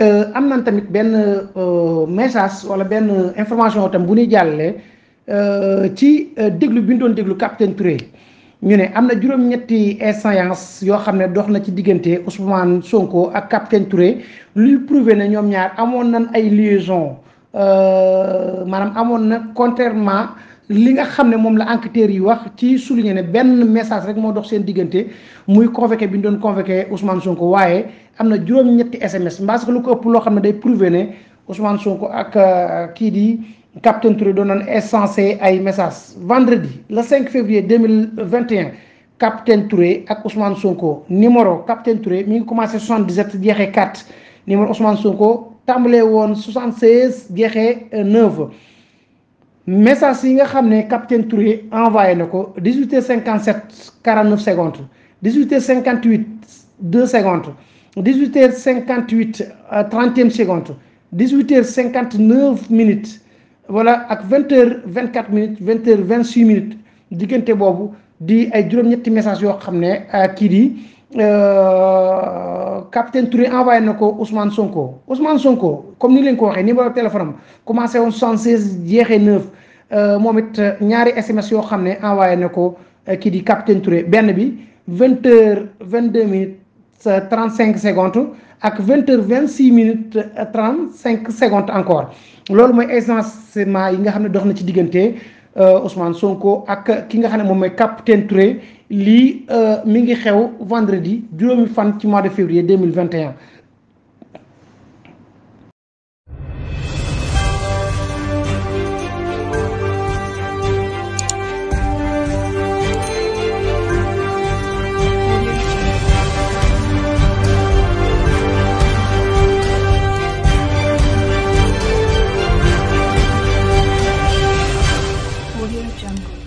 Euh, am nañ tamit benn euh, message wala benn information tam bu ñuy jàllale euh, ci déglu bi ñu doon déglu capitaine Touré ñu ne am na juróom-ñetti instance yoo xam ne dox na ci diggante Ousmane Sonko ak capitaine Touré luy prouvé ne ñoom ñaar amoon nañ ay liaison maanaam amoon na contrairement li nga xam ne la enquêteur yi wax ci souligné ne benn message rek mo dox sen digënté muy convoqué bi doon convoqué Ousmane Sonko waaye amna juroom ñetti SMS parce que lu ko ëpp lo xam day prouvé ne Ousmane Sonko ak euh, ki di capitaine Touré doon naan essencé ay message vendredi le 5 février 2021 capitaine Touré ak Ousmane Sonko numéro capitaine Touré mi ngi commencé 77 jeexee 4 numéro Ousmane Sonko tàmbalee won 76 jeexee 9 message yi nga capitaine Touré envoyé 18h57 49 secondes 18h58 2 secondes 18h58 30e euh, seconde 18h59 minutes voilà ak 20h24 minutes 20h26 minutes di ay message capitaine Touré envoyé nako Ousmane Sonko Ousmane Sonko comme ni leen ko waxee numéro téléphone am commencé woon 76 jexé 9 euh momit euh, ñaari SMS yo xamné envoyé nako euh, ki di capitaine Touré benn bi 20 h 22 minutes 35 euh, secondes ak 20 h 26 minutes 35 secondes encore lolou moy essentiellement yi nga xamné dox na ci diggante. Euh, Ousmane Sonko ak ki nga xam mom moom capitaine Touré euh mi ngi xew vendredi 2 fan ci de février 2021. Audio Jungle